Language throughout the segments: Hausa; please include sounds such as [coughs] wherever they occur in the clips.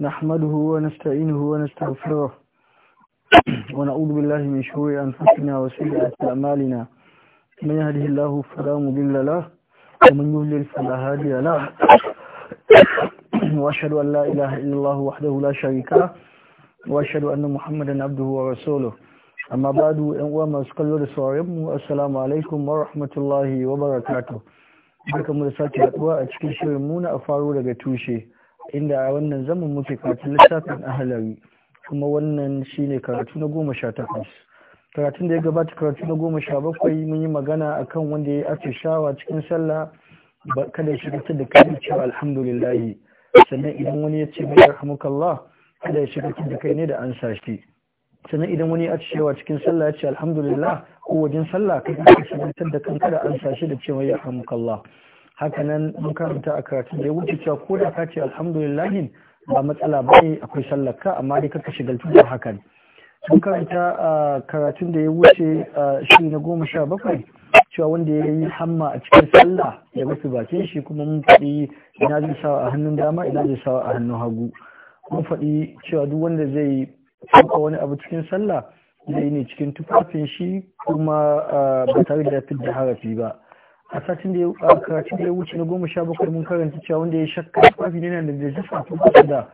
نحمده ونستعينه ونستغفره ونعوذ بالله من شرور أنفسنا وسيئات أعمالنا من يهده الله فلا مضل له ومن يضلل فلا هادي له وأشهد أن لا إله إلا الله وحده لا شريك له وأشهد أن محمدا عبده ورسوله amma badu yan uwa masu kallo da sauran mu assalamu alaikum wa rahmatullahi wa barakatuh barkamu da sake haduwa a cikin shirin mu na faro daga tushe inda a wannan zaman muke karatun littafin ahalari kuma wannan shine karatu na goma sha takwas karatun da ya gabata karatu na goma sha bakwai mun yi magana akan wanda ya ake shawa cikin sallah kada ya shiga da kai cewa alhamdulillah sannan idan wani ya ce mai yarhamukallah kada ya shiga da kai ne da an sa shi sannan idan wani ya cewa cikin sallah ya ce alhamdulillah ko wajen sallah kai ka shiga da kanka da an sa shi da cewa yarhamukallah hakanan mun karanta a karatun da ya wuce cewa ko da ka ce alhamdulillah ba matsala ba ne akwai sallaka amma dai kaka shigaltu da hakan mun karanta a karatun da ya wuce shi na goma sha bakwai cewa wanda ya yi hamma a cikin sallah ya rufe bakin shi kuma mun faɗi ina zai sawa a hannun dama ina zai sawa a hannun hagu mun faɗi cewa duk wanda zai tuka wani abu cikin sallah zai ne cikin tufafin shi kuma ba tare da fidda harafi ba a satin da ya karatun da ya wuce na goma sha bakwai mun karanta cewa wanda ya shakka tufafi yana da najasa ko su da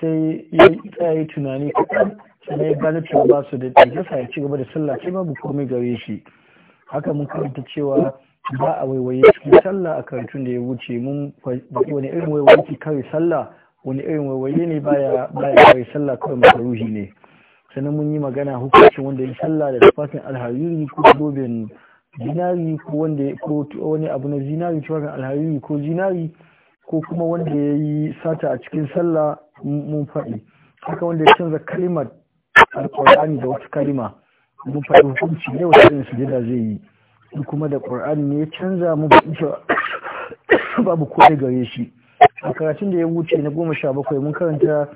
sai ya yi tsaye tunani kaɗan sai ya gane cewa ba su da najasa ya ci gaba da sallah sai babu komai gare shi haka mun karanta cewa ba a waiwaye cikin sallah a karatun da ya wuce mun wani irin waiwaye ke kare sallah wani irin waiwaye ne baya kare sallah kawai masaruhi ne sannan mun yi magana hukuncin wanda ya sallah da tufafin alhariri ko gobe. zinari ko wanda ko wani abu na zinari ga alhariri ko zinari ko kuma wanda ya yi sata a cikin sallah mun faɗi haka wanda ya canza kalimar alƙur'ani da wata kalima mun faɗi hukunci ne wata irin sujada zai yi kuma da ƙur'ani ne ya canza mun faɗi cewa [coughs] babu kome gare shi a karatun da ya wuce na goma sha bakwai mun karanta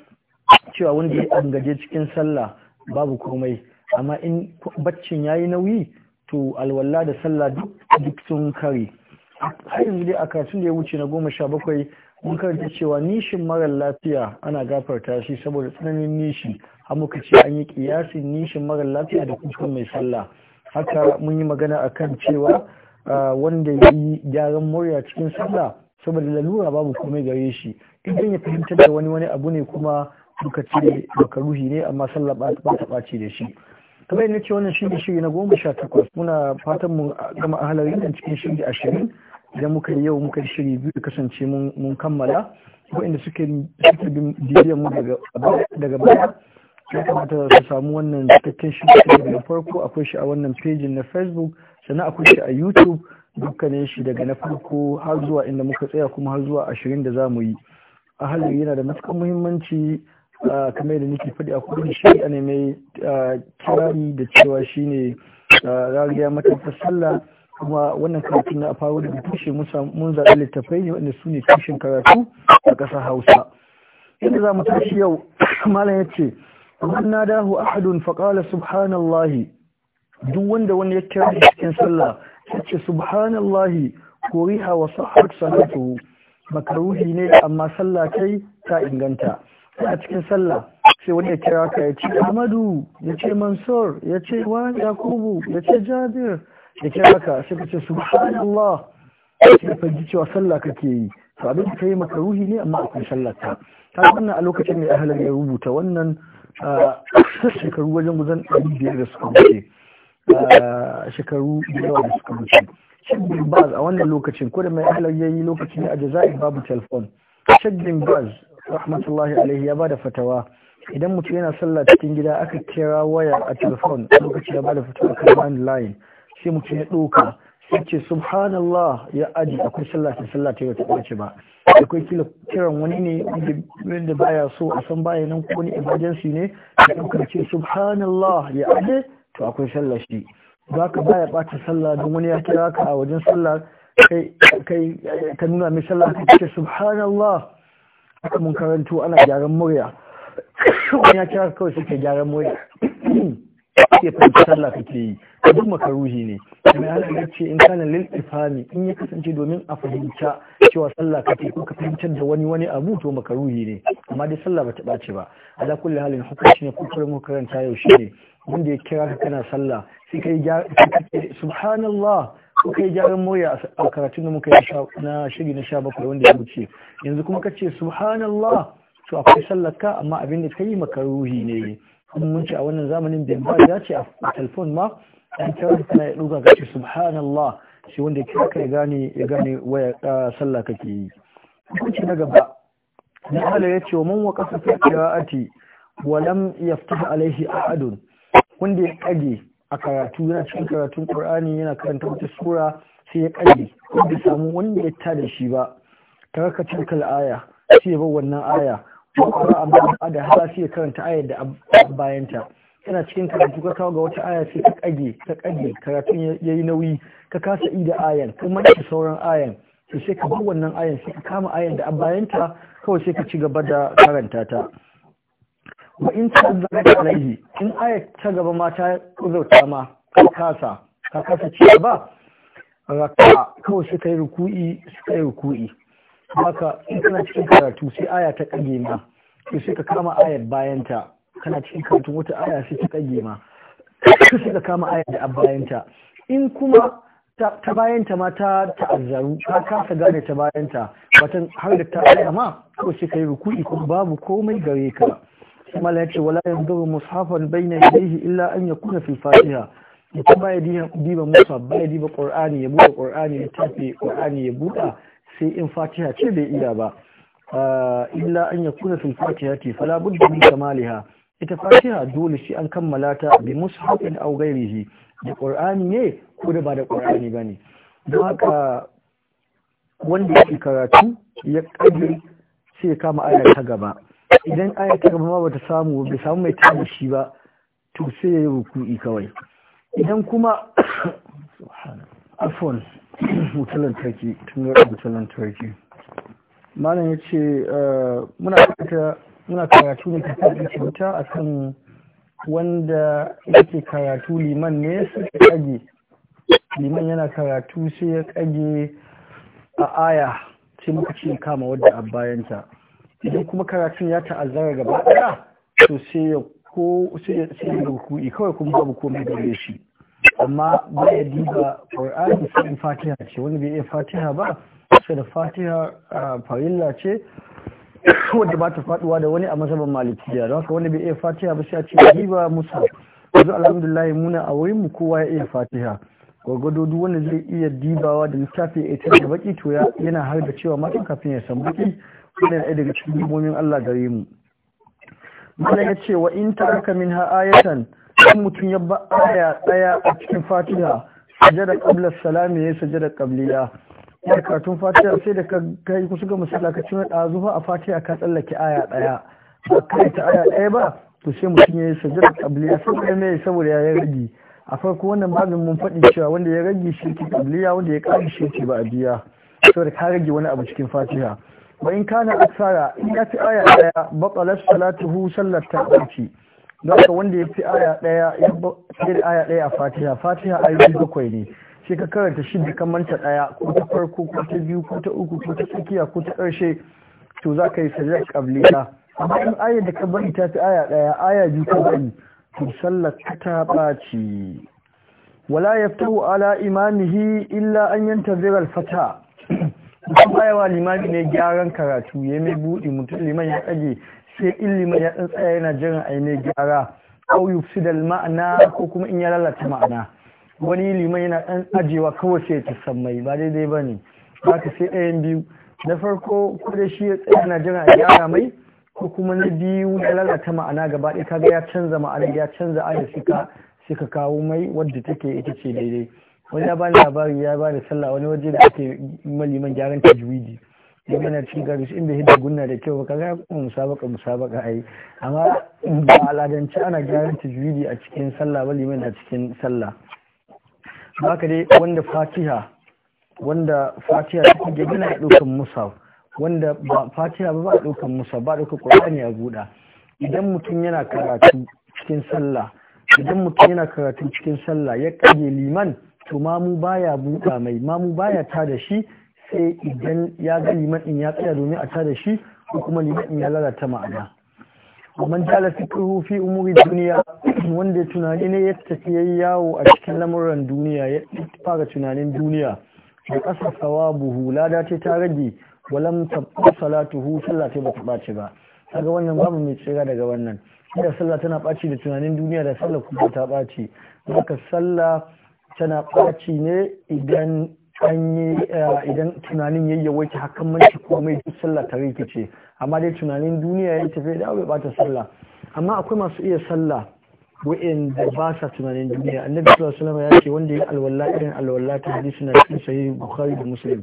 cewa wanda ya angaje cikin sallah babu komai amma in baccin ya yi nauyi to alwala da sallah duk sun kare har yanzu dai a karatun da ya wuce na goma sha bakwai mun karanta cewa nishin marar lafiya ana gafarta shi saboda tsananin nishi har muka ce an yi kiyasin nishin marar lafiya da kuskun mai sallah haka mun yi magana akan cewa wanda ya yi gyaran murya cikin sallah saboda lalura babu komai gare shi idan ya fahimtar da wani wani abu ne kuma duka ce baka ruhi ne amma sallah ba ta ɓaci da shi kamar yadda ce wannan shirin shiri na goma sha takwas muna fatan mu gama ahalari nan cikin shiri ashirin idan muka yi yau muka shiri biyu kasance mun kammala waɗanda suke bin bidiyon mu daga baya ya kamata su samu wannan cikakken shiri na farko akwai shi a wannan pejin na facebook sannan akwai shi a youtube dukkanin shi daga na farko har zuwa inda muka tsaya kuma har zuwa ashirin da za mu yi ahalari yana da matuƙar muhimmanci Ah, kamar da nake faɗi a kudin shi ne mai ah, kirari da cewa shine rariya ah, matafin sallah kuma wannan karatu na faru daga tushe mun zaɓi littafai ne wanda su ne tushen karatu a ƙasa hausa inda za mu tashi yau [coughs] malam ya ce na dahu ahadun faƙala subhanallahi duk wanda wani ya kira cikin sallah ya ce subhanallahi koriha wa sahat salatuhu makaruhi ne amma sallah ta inganta a cikin sallah sai wani ya kira ka ya ce Ahmadu ya ce Mansur ya ce wani Yakubu ya ce Jabir ya kira ka sai ka ce subhanallah sai ka ji cewa sallah kake yi to abin da kai maka ruhi ne amma akwai sallah ta ta wannan a lokacin da ahlan ya rubuta wannan shekaru wajen guzan ɗari biyar da suka wuce shekaru da da suka wuce shagbin baz a wannan lokacin ko da mai ahalar ya yi lokacin a jaza'i babu telefon shagbin baz rahmatullahi alaihi ya bada fatawa idan mutum yana sallah cikin gida aka kira waya a telefon lokaci ya bada fatawa kan line sai mutum ya ɗauka sai ce subhanallah ya aji akwai sallah ta sallah ta yau ta ba akwai kila kiran wani ne wanda baya so a san baya nan ko wani emergency ne ya ɗauka ce subhanallah ya aji, to akwai sallah shi za ka baya bata sallah don wani ya kira ka a wajen sallah kai ka nuna mai sallah ka ce subhanallah haka mun karanto ana gyaran murya wani ya kira kawai suke gyaran murya ke fahimci sallah kake yi duk makaruhi ne mai halaga ce in kana lil ifami in ya kasance domin a fahimta cewa sallah kake ko ka fahimtar da wani wani abu to makaruhi ne amma dai sallah bata ɓace ba ala kulli halin hukunci ne kukurin makaranta yau shi ne wanda ya kira ka kana sallah sai kai subhanallah kai gyaran moya a karatun da muka yi na shiri na sha bakwai wanda ya wuce yanzu kuma ka kace subhanallah to akwai sallaka amma abin da maka makaruhi ne kuma mun ce a wannan zamanin bin ba ya ce a telefon ma an tarar tana ya duka kace subhanallah shi wanda kira ka ya gane ya gane waya sallah kake yi hukunci na gaba na hala ya ce wa man waqafa fi qira'ati wa lam yaftah alaihi ahadun wanda ya kage a karatu yana cikin karatun qur'ani yana karanta wata sura sai ya kalle ko bai samu wanda ya da shi ba taraka cikin aya sai ya bar wannan aya ko qur'a da hala sai ya karanta ayar da bayanta yana cikin karatu ka kawo ga wata aya sai ka kage ka kage karatun yayi nauyi ka kasa da ayan ka manta sauran ayan sai ka bar wannan ayan sai ka kama ayan da bayanta kawai sai ka ci gaba da karanta ta wa in ta'azzara alaihi in aya ta gaba ma ta kuzauta ma ka kasa ka kasa ci ba raka kawai suka yi ruku'i suka yi ruku'i haka in kana cikin karatu sai aya ta kage ma sai ka kama ayar bayanta kana cikin karatu wata aya sai ta kage ma sai ka kama ayar da bayanta in kuma ta bayanta ma ta ta'azzaru ka kasa gane ta bayanta batun har da ta ma ko sai yi ruku'i kuma babu komai gare ka kuma ya ce wala yanzuru mushafan bayna yadayhi illa an yakuna fil fatiha mutum baya diba musa ba ya diba qur'ani ya buɗe qur'ani ya tafi qur'ani ya buɗa sai in fatiha ce bai iya ba ah, illa an yakuna fil fatiha ti fala budda min kamaliha ita fatiha dole shi an kammala ta bi mushafin aw ghairihi da qur'ani ne ko da ba da qur'ani bane don haka wanda yake karatu ya kaje sai kama ayar ta gaba idan aya ta gaba ba bata samu bai samu mai tada shi ba to sai ya yi ruku'i kawai idan kuma afwan wutar lantarki tun ga mutalan lantarki malam ya ce eh, muna karatu ne ta tsarin cuta a kan wanda yake karatu liman ne suka kage liman yana karatu sai ya kage a aya sai muka ce kama wadda a bayanta idan kuma karatun ya ta'azzara gaba ɗaya to sai ya ko sai ya sai kawai kuma babu komai gare shi amma ba ya diba qur'ani sai fatiha ce wani bai iya fatiha ba sai da fatiha farilla ce wadda ba ta faduwa da wani a mazhaban malikiya don haka wani bai iya fatiha ba sai a ce diba musa yanzu alhamdulillah muna a wurin mu kowa ya iya fatiha gwargwado duk wanda zai iya dibawa da littafi ya ita da baki to yana har da cewa matan kafin ya san baki yana ɗaya daga cikin Allah gare mu mana ya ce wa in taraka min ha ayatan in mutum ya ba aya ɗaya a cikin fatiha sajada qabla salami ya sajada qabliya ya karatun fatiha sai da ka yi kusa ga musalla ka wani ɗazu a fatiha ka tsallake aya ɗaya ba kai ta aya ɗaya ba to sai mutum ya yi sajada qabliya saboda me saboda ya rage a farko wannan babin mun faɗi cewa wanda ya rage shi ke qabliya wanda ya ƙara shi ke ba a biya saboda ka rage wani abu cikin fatiha bayan kana aksara in ya aya ɗaya, batalar salatuhu sallar ta ɓarci don haka wanda ya ci aya daya ya da aya daya a fatiha fatiha ayoyi bakwai ne sai ka karanta shi ka manta daya ko ta farko ko ta biyu ko ta uku ko ta tsakiya ko ta ƙarshe to za ka yi sajjar ƙabliya amma in aya da ka bari ta aya daya aya biyu ka bari to sallar ta ɓaci wala yaftahu ala imamihi illa an yantazira al-fata mutum ayawa limami ne gyaran karatu ya mai buɗe mutum liman ya tsage sai in liman ya tsaya yana jiran a yi mai gyara au da ma'ana ko kuma in ya lalata ma'ana wani liman yana ɗan ajewa kawai sai ta mai ba daidai ba ne ba ka sai ɗayan biyu na farko ko da shi ya tsaya yana jiran a gyara mai ko kuma na biyu ya lalata ma'ana gaba ɗaya kaga ya canza ma'ana ya canza ayar suka suka kawo mai wadda take ita ce daidai wani ya bani labari ya bani sallah wani waje da ake maliman gyaran tajwidi ya yana cikin gari su inda hidda gunna da kyau kaga ya kuma musabaka musabaka ai amma ba aladance ana gyaran tajwidi a cikin sallah ba liman a cikin sallah haka dai wanda fatiha wanda fatiha take gina a ɗaukan musa. wanda ba fatiha ba ba ɗaukan musa ba ɗaukan qur'ani a buɗa idan mutum yana karatu cikin sallah idan mutum yana karatu cikin sallah ya kage liman to mamu baya buɗa mai mamu baya ta da shi sai idan ya ga liman ya tsaya domin a ta da shi ko kuma liman ya lalata ma'ana man jala fikihu fi umuri duniya wanda tunani ne ya tafi yayi yawo a cikin lamuran duniya ya fara tunanin duniya da ƙasa buhu lada ce ta rage walam tabba salatuhu sallah ta ba ta ɓaci ba kaga wannan babu mai tsira daga wannan da sallah tana ɓaci da tunanin duniya da sallah kuma ta ɓaci haka sallah tana ƙwaci ne idan an eh, idan tunanin yayya wace hakan manci komai duk sallah ta rikice amma dai tunanin duniya ya tafi da bai bata sallah amma akwai masu iya sallah wa'inda ba sa tunanin duniya annabi sallallahu alaihi wasallam ya ce wanda ya alwala irin alwala ta hadisi na cikin sahih bukhari da muslim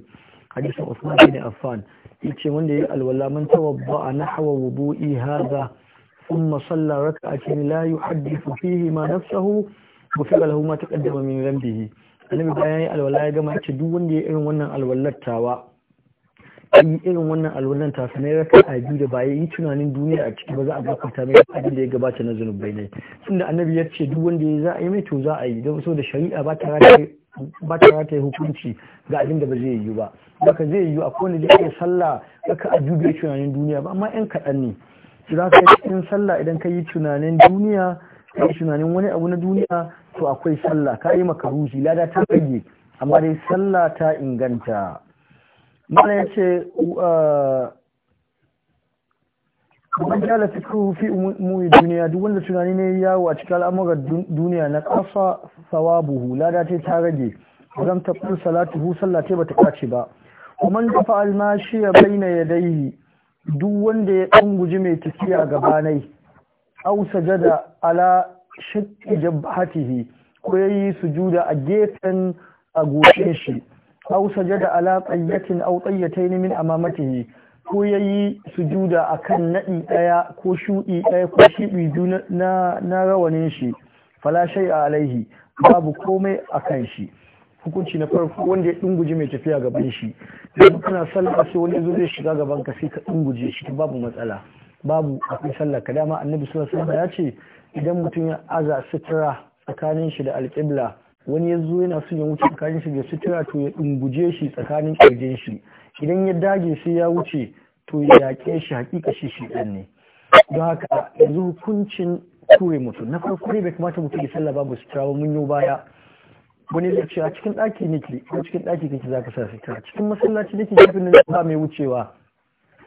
hadisin usman bin affan yace wanda ya alwala man tawabba nahwa wudu'i hadha thumma salla rak'atayn la yuhaddithu fihi ma nafsuhu gufira lahu ma taqaddama min dhanbihi annabi bayan ya alwala ya gama ce duk wanda ya irin wannan alwalar tawa yi irin wannan alwallan ta sanai raka a biyu da ba ya yi tunanin duniya a ciki ba za a bakwata mai abin da ya gabata na zunubai ne tunda annabi ya ce duk wanda ya za a yi mai to za a yi don so da shari'a ba ta rata yi hukunci ga abin da ba zai yi ba baka zai yi a kowane da ya sallah baka a biyu bai tunanin duniya ba amma yan kaɗan ne za ka yi cikin sallah idan ka yi tunanin duniya ka yi tunanin wani abu na duniya to akwai sallah ka yi makaruhi lada ta rage amma dai sallah ta inganta mana ya ce uh, man kyala fikiru fi umuri duniya duk wanda tunani ne yawo a cikin al'amuran duniya na kasa buhu. lada ce ta rage zan tafi hu sallah ce bata kace ba kuma da fa'al ma shi ya baina dai. duk wanda ya ɗan guji mai tafiya gabanai au sajada ala shakki jabhatihi ko yayi sujuda a gefen a goshin shi aw sajada ala qayyatin aw qayyatayn min amamatihi ko yayi sujuda akan nadi daya ko shudi daya ko shibi na na rawanin shi fala shay alaihi babu komai akan shi hukunci na farko wanda ya dunguje mai tafiya gaban shi idan kana sallah sai wani zai shiga gaban ka sai ka dunguje shi babu matsala babu akwai sallah ka dama annabi sallallahu alaihi wasallam ya ce idan mutum ya aza sutura tsakanin shi da alƙibla wani ya zo yana son ya wuce tsakanin shi da sutura to ya ɗunguje shi tsakanin ƙirjin shi idan ya dage sai ya wuce to ya yaƙe shi haƙiƙa shi shi ɗan ne don haka yanzu hukuncin kure mutum na farko ne bai kamata mutum ya sallah babu sutura ba mun yi baya wani zai ce a cikin ɗaki ke ko cikin ɗaki kake za ka sa sutura cikin masallaci ke kafin nan ba mai wucewa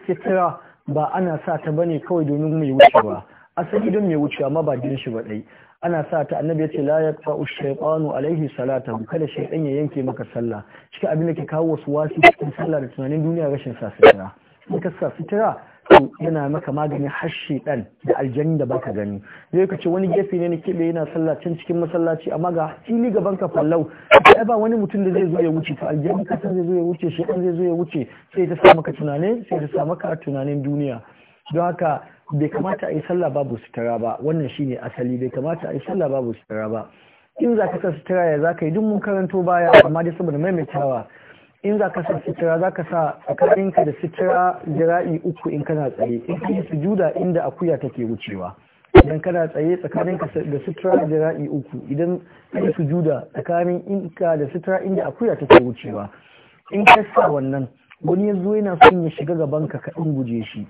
sutura ba ana sa ta bane kawai domin mai wucewa asali don mai wuce amma ba jin shi ba dai ana sa ta annabi yace la ash shaytanu alaihi salata kada shaytan ya yanke maka sallah cikin abin da ke kawo wasu wasi, cikin sallah da tunanin duniya rashin sa sutura in ka sa sutura to yana maka maganin harshe dan da aljanni da baka gani zai ka ce wani gefe ne na da yana sallah can cikin masallaci amma ga fili gaban ka fallau sai ba wani mutum da zai zo ya wuce to aljanni san zai zo ya wuce shi zai zo ya wuce sai ta sa maka tunane sai ta sa maka tunanin duniya don haka bai kamata a yi sallah babu sutura ba wannan shine asali bai kamata a yi sallah babu sutura ba in za ka sa sutura ya za ka yi duk mun karanto baya amma dai saboda maimaitawa in za ka sa sutura za ka sa tsakaninka da sutura jira'i uku in kana tsaye in ka yi sujuda inda akuya take wucewa idan kana tsaye tsakaninka da sutura jira'i uku idan ka yi sujuda tsakanin inka da sutura inda akuya take wucewa in ka sa wannan wani ya zo yana son ya shiga gaban ka in guje shi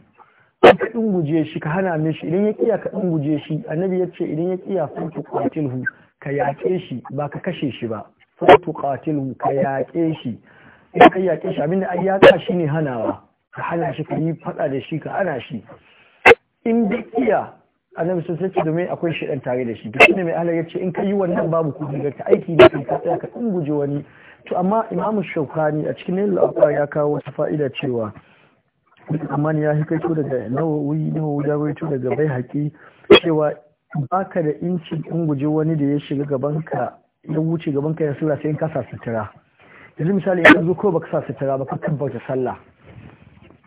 ka guje shi ka hana mishi idan ya kiya ka guje shi annabi ya ce idan ya kiya sun tu qatilhu ka yaƙe shi ba ka kashe shi ba sun tu qatilhu ka yaƙe shi in ka yaƙe shi abinda ai yaƙa shi ne hanawa ka hana shi ka yi faɗa da shi ka hana shi in da kiya annabi sun sace domin akwai shi tare da shi duk ne mai halar yace in ka yi wannan babu kudi ga ta aiki ne ka tsaya ka guje wani to amma imamu shaukani a cikin lalla ya kawo wata fa'ida cewa amma ya kai kaito daga nawawi nawawi ya rawaito daga bai haƙi cewa baka da inci in guji wani da ya shiga gaban ka ya wuce gaban ka ya sura sai in kasa sutura yanzu misali in zo ko baka sa sutura ba ka tabbata sallah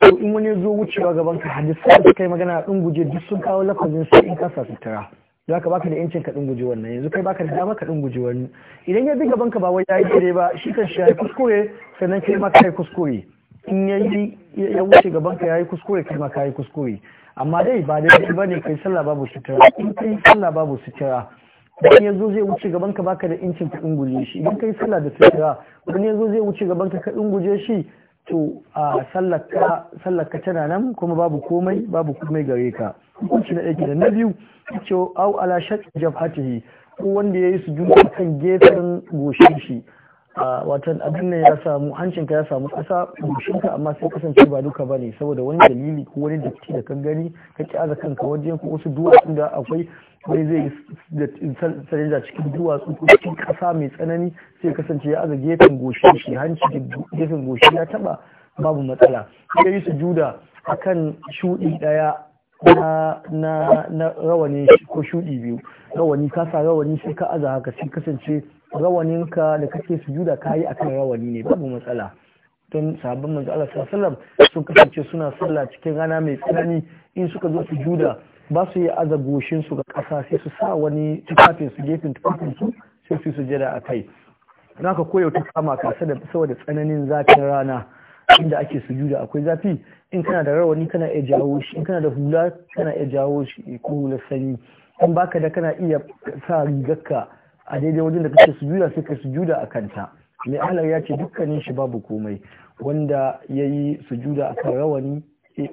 to in wani zo wucewa gaban ka hadisi da kai magana in guje duk sun kawo lafazin sai in kasa sutura za ka baka da yancin ka guje wannan yanzu kai baka da dama ka guje wani idan ya bi gaban ka ba wai ya yi daidai ba shi kan shi ya kuskure sannan kai ma kai kuskure in yayi ya wuce gaban ka yayi kuskure kai ma kai kuskure amma dai ba dai ba ne kai sallah babu sutura in kai sallah babu sutura wani yazo zai wuce gaban ka baka da incin ka inguje shi idan kai sallah da sutura wani yazo zai wuce gaban ka ka inguje shi to a sallar ka tana nan kuma babu komai babu komai gare ka hukunci na ɗaya na biyu ko au ala shaq jabhatihi ko wanda yayi juna kan gefen goshin shi watan abin da ya samu hancinka ya samu kasa bushinka amma sai kasance ba duka bane saboda wani dalili ko wani datti da kan gani ka ki aza kanka wajen ko wasu duwatsu da akwai wani zai yi da cikin duwatsu ko cikin kasa mai tsanani sai kasance ya aza gefen goshi shi hanci gefen goshi ya taba babu matsala ya yi sujuda akan shuɗi ɗaya na na na rawani ko shuɗi biyu rawani kasa rawani sai ka aza haka sai kasance rawaninka da kake su sujuda yi akan rawani ne babu matsala don sabon manzo Allah sallallahu sun kasance suna sallah cikin rana mai tsanani in suka zo sujuda ba su yi aza su ga kasa sai su sa wani tufafin su gefen tufafin su sai su sujada a kai naka koyo ta kama kasa da saboda tsananin zafin rana inda ake sujuda akwai zafi in kana da rawani kana iya jawo shi in kana da hula kana iya jawo shi ko hula sanyi in baka da kana iya sa rigarka a daidai wajen da kake sujuda sai ka sujuda a kanta mai alar ya ce dukkanin shi babu komai wanda ya yi sujuda a kan rawani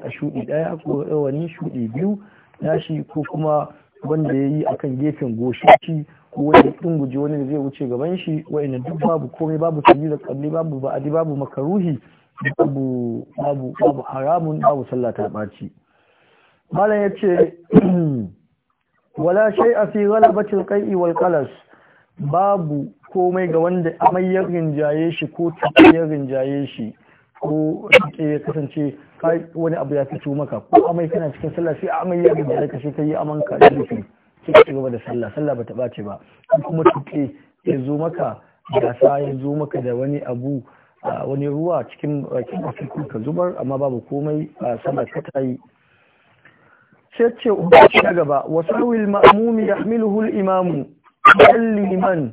a shuɗi ɗaya ko rawani shuɗi biyu nashi ko kuma wanda ya yi a kan gefen goshi ko wanda ɗin guji wani da zai wuce gaban shi wa'ina duk babu komai babu sujuda kalli babu ba'adi babu makaruhi babu babu haramun babu sallah ta ɓaci malam ya ce [clears throat] wala shay'a fi ghalabati al-qai'i wal qalas babu komai ga wanda amai ya rinjaye shi ko tafi ya rinjaye shi ko ya kasance wani abu ya fito maka ko amai kana cikin sallah sai amai ya rinjaye ka sai ka yi aman ka da shi. sai ka gaba da sallah sallah bata ɓace ba kuma tuke ya zo maka gasa ya zo maka da wani abu wani ruwa cikin bakin afirka ka zubar amma babu komai a sama ka ta yi sai ce umarci na gaba wasu ma'amumi ya hamilu imamu ɗan liman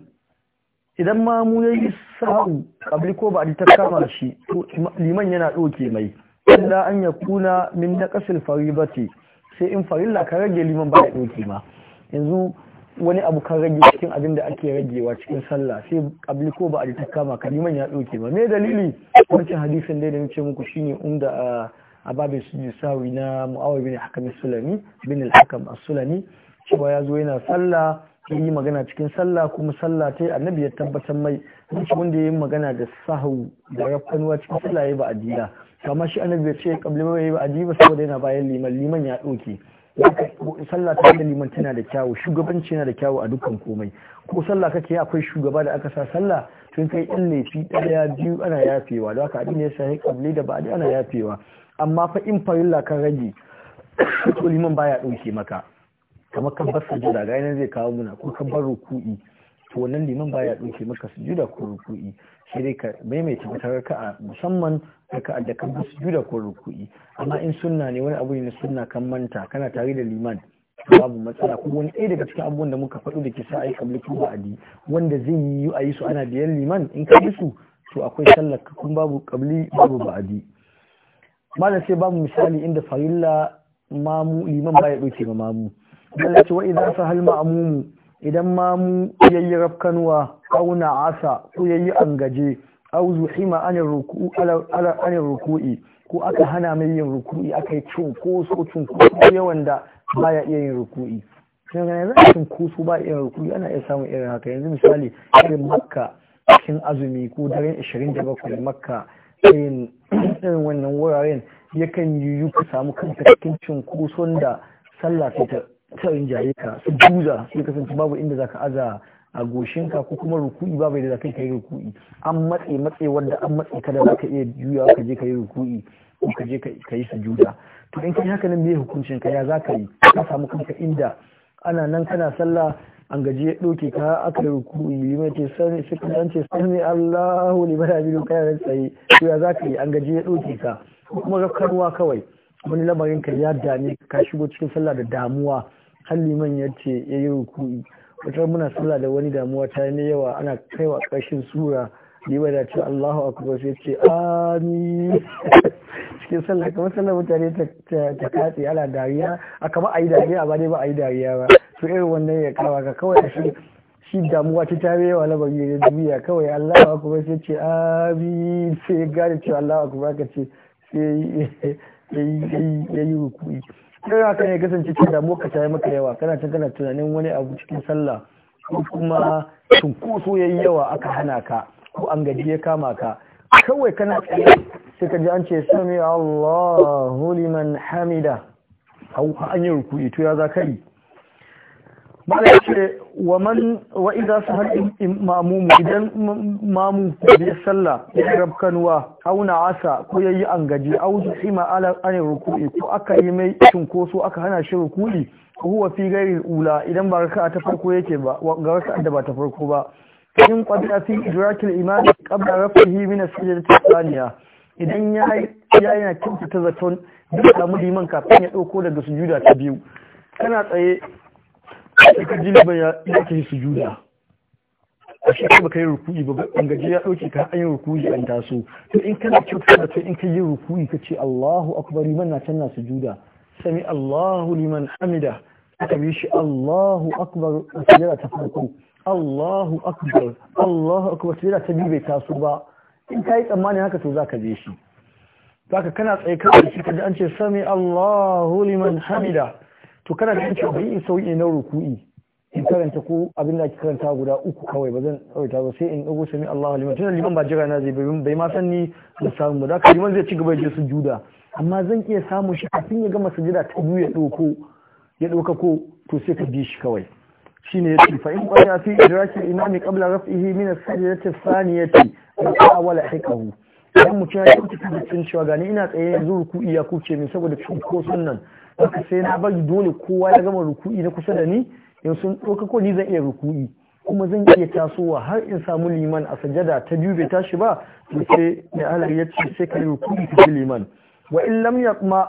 idan mamu ya yi sa'u kabli ko ba ta kama shi to liman yana ɗoke mai illa an ya kuna min na ƙasar faribati sai in farilla ka rage liman ba ya ɗoke ma yanzu wani abu kan rage cikin abin da ake ragewa cikin sallah sai kabli ko ba ta kama ka liman ya ɗoke ma me dalili wancan hadisin dai da nace muku shine inda ah, a babin sujud sawi na mu'awar bin hakam sulami bin al-hakam as-sulami cewa ya zo yana sallah ya yi magana cikin sallah kuma sallah ta annabi ya tabbatar mai duk wanda ya yi magana da sahu da rafanuwa cikin sallah ya ba adida kama shi annabi ya ce kabli ba ya ba adiya saboda yana bayan liman liman ya ɗauke sallah ta da liman tana da kyawu shugabanci yana da kyawu a dukkan komai ko sallah kake akwai shugaba da aka sa sallah tun kai in laifi ɗaya biyu ana yafewa da haka abin ya sahi kabli da ba'adi ana yafewa amma fa in farilla kan rage to liman baya ɗauke maka kamar kan bar sujuda ga nan zai kawo muna ko kan bar ruku'i to wannan liman baya ɗauke maka sujuda ko ruku'i sai dai ka maimaita wata raka'a musamman raka'a da kan bar sujuda ko ruku'i amma in sunna ne wani abu ne na sunna kan manta kana tare da liman babu matsala ko wani ɗaya daga cikin abubuwan da muka faɗo da ke sa ayi kabli ko ba'adi wanda zai yi a yi su ana biyan liman in ka bi su to akwai sallar kun babu kabli babu ba'adi malam sai babu misali inda farilla mamu liman baya ɗauke ma mamu Allah ce idan sa sahal ma'amumu idan mamu yayi rafkanwa auna asa ko yayi angaje auzu zuhima anir ruku'i ala anir ruku'i ko aka hana mai yin ruku'i aka yi cin ko yawan da baya iya yin ruku'i sai ga ko cunkoso ba iya ruku'i ana iya samun irin haka yanzu misali irin makka cikin azumi ko daren 27 makka irin wannan wuraren yakan yi ku samu kanta cikin cunkoson da sallah ta ta rinjaye ka su duza sai kasance babu inda zaka aza a goshinka ko kuma ruku'i babu yadda zaka kai ruku'i an matse matse wanda an matse ka da zaka iya juya ka je kai ruku'i ko ka je ka yi sujuda to in kai haka nan me hukuncin ka ya zaka yi ka samu kanka inda ana nan kana sallah an gaji ya ɗauke ka aka yi ruku'i liman ce sani suka dan ce sani Allahu liman hamidu kana nan tsaye to ya zaka yi an gaji ya ɗauke ka kuma rafkarwa kawai wani lamarin ka ya dame ka shigo cikin sallah da damuwa har liman ya ce ya yi rukuni wata muna sallah da wani damuwa ta yi yawa ana kaiwa ƙarshen sura yi ya ce Allahu akbar sai ce amin [laughs] cikin sallah kamar sallah mutane ta katse ana dariya a kama a yi dariya ba ne ba a yi dariya ba to irin wannan ya kawa ka kawai shi shi damuwa ta tare yawa labari da duniya kawai Allahu akbar sai ce amin sai ya gane cewa Allahu akbar ka ce sai ya yi rukuni. kai haka ne kasance cikin damuwa ka tayi maka yawa kana can kana tunanin wani abu cikin sallah ko kuma cunkoso yayi yawa aka hana ka ko an gaji ya kama ka kawai kana tsaye sai ka ji an ce sami Allahu liman hamida an yi ruku'i to ya za ka ya ce wa man wa su haɗin imamu idan mamu biyar sallah ya rabkanwa auna asa ko ya yi yayi a au hima ala an ruku'i ko aka yi mai cinkoso aka hana shi ko huwa fi ghairi ula idan ba raka ta farko yake ba ga raka da ba ta farko ba in qadra fi idrak imani kabla qabla rafihi min as da thaniya idan ya ya yana ta zaton duk da liman kafin ya dauko daga sujuda ta biyu kana tsaye sai ka ji ba ya ɗauke su juda a shi ba ka yi rukuni ba bangaje ya ɗauke ka an yi rukuni an taso to in kana kyauta da to in ka yi rukuni ka ce Allahu akbar liman na can su juda." sami Allahu liman hamida aka bi shi Allahu akbar a sujada ta farko Allahu akbar Allahu akbar sujada ta biyu bai taso ba in ka yi tsammanin haka to za ka je shi ka kana tsaye kan shi ka ji an ce sami Allahu liman hamida to kana da cewa bai yi sauyi na ruku'i in karanta ko abin da ake karanta guda uku kawai ba zan tsawaita ba sai in dago sami Allahu liman tunan liman ba jira na zai bai ma san ni da samu da ka liman zai ci gaba da sujuda amma zan iya samu shi kafin ya gama sujada ta biyu ya dauko ya dauka ko to sai ka bi shi kawai shine yace fa in qala fi idraki al qabla raf'ihi min as-sajdati ath wa awala hikahu dan mutum ya kuta da cewa gani ina tsaye yanzu ruku'i ya kuce min saboda ko nan wata sai na bari dole kowa ya gama ruku'i na kusa da ni in sun ɗauka ko ni zan iya ruku'i kuma zan iya tasowa har in samu liman a sajada ta biyu bai tashi ba to sai mai halar ya ce sai ka yi ruku'i ka liman wa in lam kuma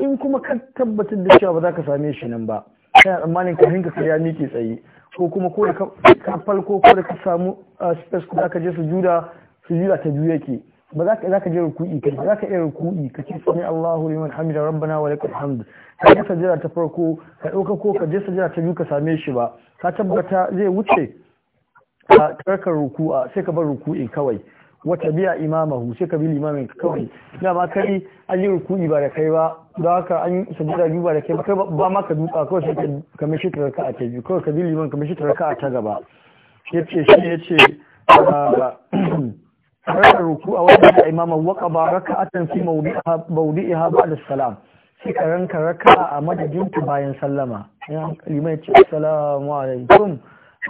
in kuma ka tabbatar da cewa ba za ka same shi nan ba kana tsammanin ka hinka kariya miƙe tsaye ko kuma ko da ka farko ko da ka samu ah, space ko da ka je sujuda sujuda ta biyu yake ba za ka za ka je ruku'i kai za ka iya ruku'i ka ce sami Allahu liman hamida rabbana wa lakal hamd ka je sajira ta farko ka dauka ko ka je sajira ta biyu ka same shi ba ka tabbata zai wuce ka karka ruku'a sai ka bar ruku'i kawai wata tabi'a imamahu sai ka bi limamin ka kawai ba kai an yi ruku'i ba da kai ba don haka an sajira biyu ba da kai ba kai ba ma ka duka kawai sai ka mishi ta raka'a ta biyu kawai ka bi liman ka mishi ta raka'a ta gaba ce shi ce tare ruku'a wanda da imama waka ba raka'atan fi mawdi'iha ba'da salam sai ka ranka raka'a a madadin ta bayan sallama ya limai ce assalamu alaikum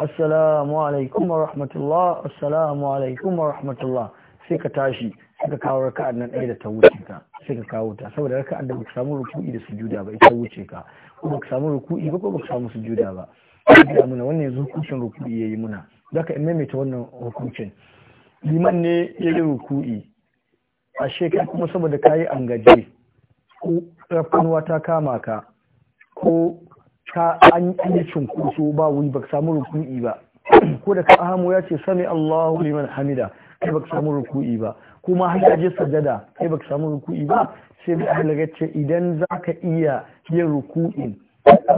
assalamu alaikum wa rahmatullah assalamu alaikum wa rahmatullah sai ka tashi sai ka kawo raka'a nan ɗaya da ta wuce ka sai ka kawo ta saboda raka'a da baka samu ruku'i da sujuda ba ita wuce ka ko baka samu ruku'i ba ko baka samu sujuda ba ya mana wannan yanzu hukuncin ruku'i yayi muna zaka in maimaita wannan hukuncin liman ne ya yi ruku'i a shekar kuma saboda ka yi angaje ko rafkanuwa ta kama ka ko ka an yi cunkoso ba wuri ba samu ruku'i ba ko da ka ahamu ya ce sami Allahu liman hamida kai ba samu ruku'i ba kuma har yaje sajada kai ba samu ruku'i ba sai bai ahlaga ce idan za ka iya yin ruku'in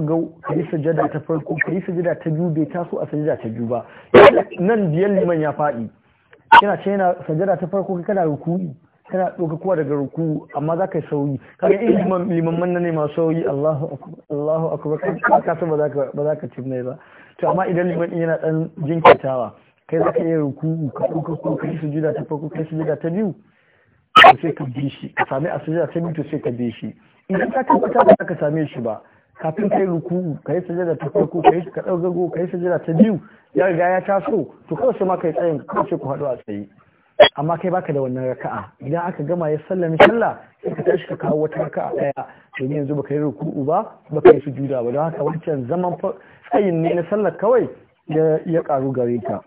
ga ka yi sajada ta farko kai yi sajada ta biyu bai taso a sajada ta biyu ba nan biyan liman ya faɗi kina ce yana sajada ta farko kana ruku'i kana kowa daga ruku amma za ka yi sauyi kaga liman limamman na ne ma sauyi Allahu akbar ka san ba za ka mai ba to amma idan liman yana dan jinkitawa kai za ka yi ruku ka doka ko ka yi sujuda ta farko ka yi sujuda ta biyu to sai ka bi shi ka sami a sujuda ta biyu to sai ka bi shi idan ka tabbata ba za ka same shi ba kafin kai ruku kai sajada ta farko kai ka ka kai sajada ta biyu ya riga ya taso to kawai sai ma kai tsayin kawai sai ku hadu a tsaye amma kai baka da wannan raka'a idan aka gama ya sallami sallah sai ka tashi ka kawo wata raka'a daya ni yanzu baka yi ruku'u ba baka yi sujuda ba don haka wancan zaman tsayin ne na sallar kawai ya karu gare ka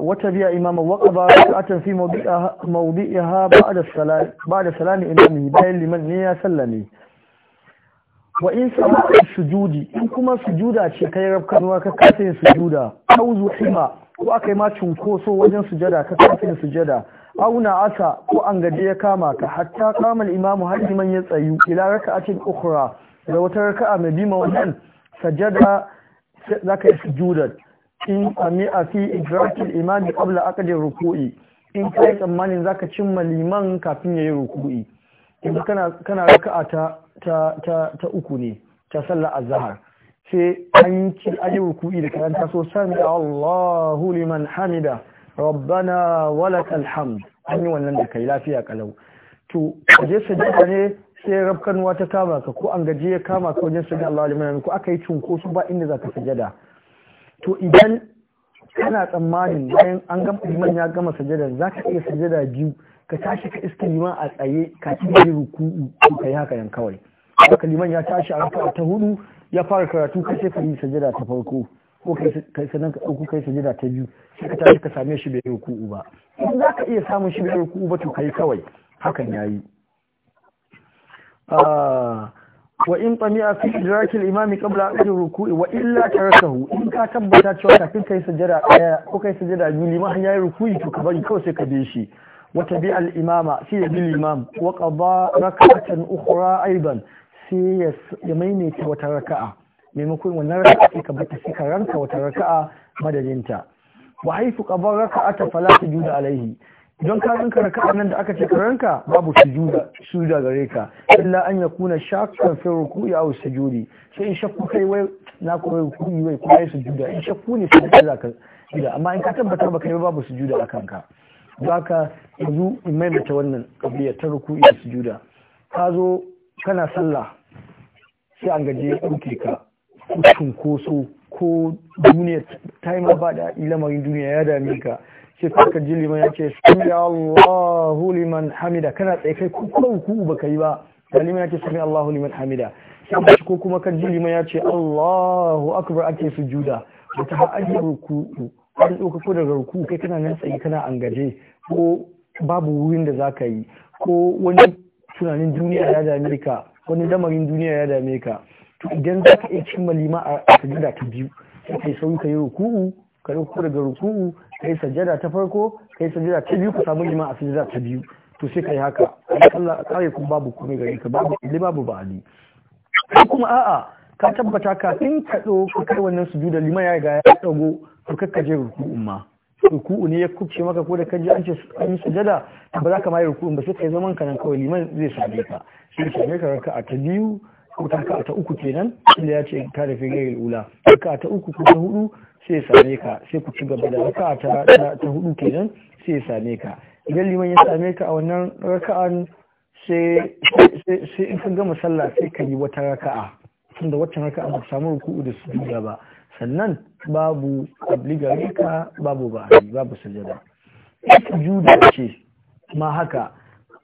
wata biya imam waqaba ra'atan fi mawdi'iha ba'da salami imamihi bayan liman ne ya sallame wa in su sujudi in kuma sujuda ce kai rafkarwa ka kasa yin sujuda auzu hima ko akai ma cunkoso wajen sujada ka kasa yin sujada Auna asa ko an gaje ya kama ka hatta kama imamu man ya tsayu ila raka'atin ukhra da wata raka'a mai bima wannan sajada zaka yi sujuda in ami a fi idrakil imami qabla aqdi ruku'i in kai tsammanin zaka cimma liman kafin yayi ruku'i yanzu kana raka raka'a ta ta ta ta uku ne ta sallar azhar sai an ci ayi ruku'i da karanta so sami Allahu liman hamida rabbana walakal hamd an yi wannan da kai lafiya kalau to je sajada ne sai rabkanwa ta kama ka ko an gaji ya kama ka wajen sajada Allahu liman hamida ko aka yi cunkoso ba inda zaka sajada to idan kana tsammanin bayan an gama liman ya gama sajada zaka iya sajada biyu ka tashi ka iska liman a tsaye ci yi ruku'u ko kai haka yan kawai haka liman ya tashi a raka'a ta hudu ya fara karatu ka sai ka yi sajada ta farko ko kai sannan ka ɗauko kai sajada ta biyu sai ka tashi ka same shi bai ruku'u ba in za ka iya samun shi bai ruku'u ba to kai kawai hakan yayi ah, wa in fiye da rakin imami a ajin ruku'i wa illa hu in ka tabbata cewa kafin kai sajada ɗaya ko kai sajada biyu liman ya yi ruku'i to ka bari kawai sai ka bi shi وتبع الإمام سي بالإمام وقضى ركعة أخرى أيضا سي يميني وتركعة maimakon wannan raka'a sai ka bata sai ka ranka wata raka'a madadinta wa haifu qabar raka'ata fala sujuda alaihi don ka ranka raka'a nan da aka ce karanka, babu sujuda sujuda gare ka illa an yakuna shakkan fi ruku'i aw sujudi sai in shakku kai na ko ruku'i wai ko ai sujuda in shakku ne sai ka zaka amma in ka tabbatar baka yi babu sujuda akan ka baka yanzu in maimaita wannan ƙabiliyar ta ruku'i da sujuda ka zo kana sallah sai an gaje ya ɗauke ka cunkoso ko duniya ta yi ba da lamarin duniya ya dame ka sai ka ji liman ya ce sami Allahu liman hamida kana tsaye kai ko kuma ku ba yi ba da liman ya ce sami Allahu liman hamida sai ko kuma kan ji liman ya ce Allahu akbar ake sujuda wata ha'ajiyar ku an ɗauka ko daga ruku kai kana nan tsaye kana gaje ko babu wurin da za ka yi ko wani tunanin duniya ya dame ka wani damarin duniya ya dame ka to idan za ka iya cimma lima a sajada ta biyu kai sauri ka yi ruku'u ka ko daga ruku'u ka yi sajada ta farko ka yi sajada ta biyu ka samu lima a sajada ta biyu to sai ka yi haka Allah kare kuma babu komai gare ka babu illi babu ba'ali kuma a'a ka tabbata kafin ka ɗauko kai wannan sujuda lima ya riga ya ɗago to kakka je ruku'un ma ruku'u ne ya kubce maka ko da kaji an ce an yi sujada ba za ka mai ruku'un ba sai kai zaman ka nan kawai liman zai same ka sai same ka raka'a ta biyu ko ta ka ta uku kenan inda ya ce ka da figail ula ka ta uku ko ta hudu sai ya same ka sai ku ci gaba da raka'a ta ta hudu kenan sai ya same ka idan liman ya same ka a wannan raka'an sai sai in ka gama sallah sai ka yi wata raka'a tunda waccan raka'a ba samu ruku'u da sujuda ba sannan babu obligare ka babu bahari babu sujada ita juda ce ma haka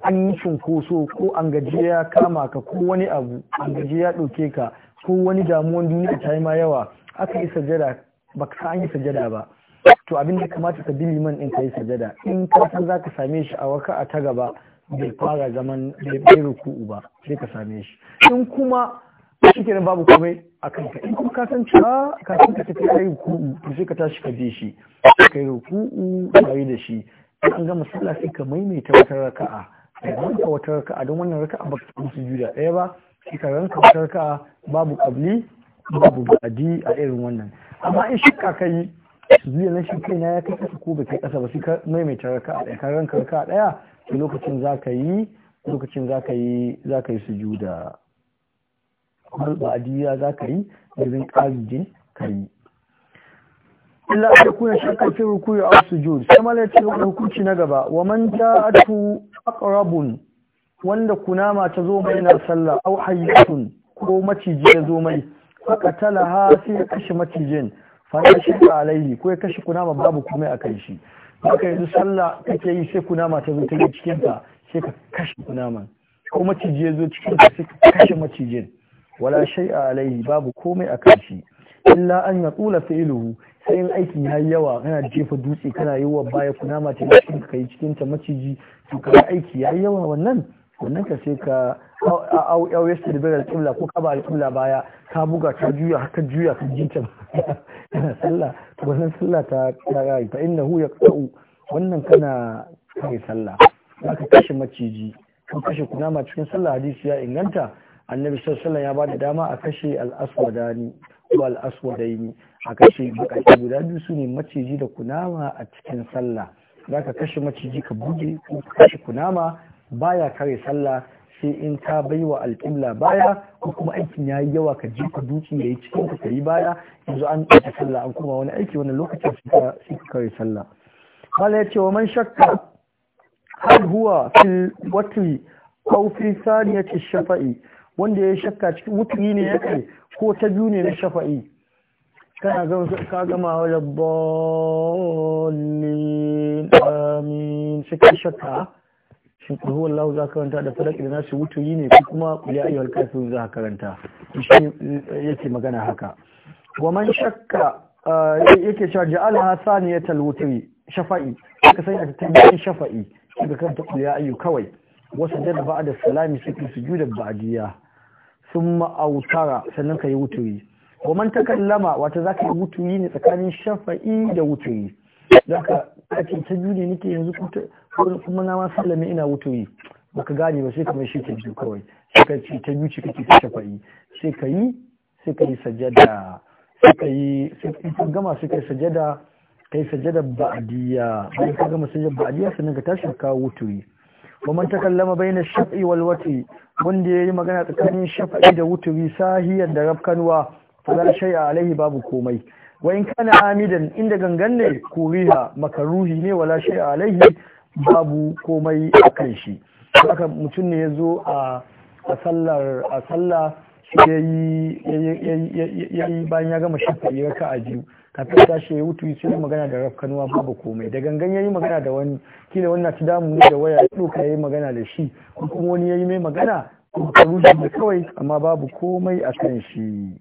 an yi cunkoso ko an gaji ya kama ka ko wani abu an gaji ya ɗauke ka ko wani damuwan duniya ta yi ma yawa aka yi sajada ba ka an yi sajada ba to abin da kamata ka bi liman in ka yi sajada in ka san za ka same shi a waka a ta gaba bai fara zaman bai ruku'u ba sai ka same shi in kuma shi kenan babu komai a kanka in kuma ka san cewa ka san ka tafi kai ruku'u sai ka tashi ka je shi kai ruku'u tare da shi an gama sallah sai ka maimaita wata raka'a da ranka wata raka'a don wannan raka'a ba ka su juda ɗaya ba sai ka ranka wata raka'a babu kabli babu ba'adi a irin wannan amma in shi ka kai zuwa na shi kaina ya kai kasa ko bai kai kasa ba sai ka maimaita raka'a ɗaya ka ranka raka'a ɗaya lokacin za ka yi lokacin za ka yi za ka yi sujuda har ba'adiyya za ka yi irin ƙarije ka yi illa a kuna shakar fi rukuyi a sujud sai mala ya ce hukunci na gaba wa man aqrabun wanda kunama ta zo mai na sallah au hayyatun ko maciji ya zo mai haka ha sai ya kashe macijin fa ya shi alaihi ko ya kashe kunama babu komai a kai shi haka yanzu sallah kake yi sai kunama ta zo ta cikin ka sai ka kashe kunama. ko maciji ya zo cikin ka sai ka kashe macijin wala shay'a alaihi babu komai a kan shi illa an ya tsula fa'iluhu sai in aiki ya yawa kana jefa dutse kana yi wa baya kuna mace cikin ka yi cikin ta maciji to kana aiki ya yawa wannan wannan ka sai ka au au yasta da kibla ko kaba ba baya ka buga ta juya haka juya ka jinta yana [laughs] sallah wannan sallah ta ta fa innahu yaqta'u wannan kana kai sallah ka kashe maciji ko kashe kunama cikin sallah hadisi ya inganta annabi sassana ya ba da dama a kashe al'aswadani ko al'aswadaini a kashe bakaki guda biyu su ne maciji da kunama a cikin sallah za ka kashe maciji ka buge ko ka kashe kunama baya kare sallah sai in ka baiwa alƙibla baya ko kuma aikin ya yi yawa ka jefa dutse ya yi cikin ka yi baya yanzu an ɗauki sallah an kuma wani aiki wani lokacin ka kare sallah mala ya ce wa man shakka har huwa fil watri aw fi saniyati shafa'i wanda ya shakka cikin wuturi ne ya kai ko ta biyu ne na shafa'i kana gama ka gama wa bolin amin shi ka shakka shi ku huwa Allah za karanta da falaki da nasu wuturi ne ko kuma ya ayyuhal kafirun za karanta shi yake magana haka wa man shakka yake cewa ya saniyatal wuturi shafa'i ka sanya ta tabbatin shafa'i daga kan ta ya ayyu kawai wasu da ba'da salami suke sujudan ba'diya sun ma'autara sannan ka yi wuturi goman ta kallama wata za ka yi wuturi ne tsakanin shafa'i da wuturi don ka ake ta juni nake yanzu kuma na masu sallame ina wuturi Ba ka gane ba sai ka mai shi biyu kawai sai ka ci ta juci kake ta shafa'i sai ka yi sai ka yi sajada sai ka yi sai ka gama sai ka yi sajada ka yi sajada ba'adiyya bayan ka gama sajada ba'adiyya sannan ka tashi ka kawo wuturi ومن تكلم بين الشفع والوتر wanda yi magana tsakanin shafa'i da wuturi sahiyar da rafkanwa fala shay'a alaihi babu komai wa in kana amidan inda gangan ne kuriha makaruhi ne wala shay'a alaihi babu komai akan shi haka mutum ne yazo zo a sallar a sallah yayi yayi bayan ya gama shafa'i raka'a biyu kafin tashi ya wutu sun yi magana da rafkanuwa babu komai da gangan ya yi magana da wani kila wannan ci damu ne da waya ya ɗauka ya yi magana da shi kuma wani ya yi mai magana kuma ka rushe da kawai amma babu komai a kan shi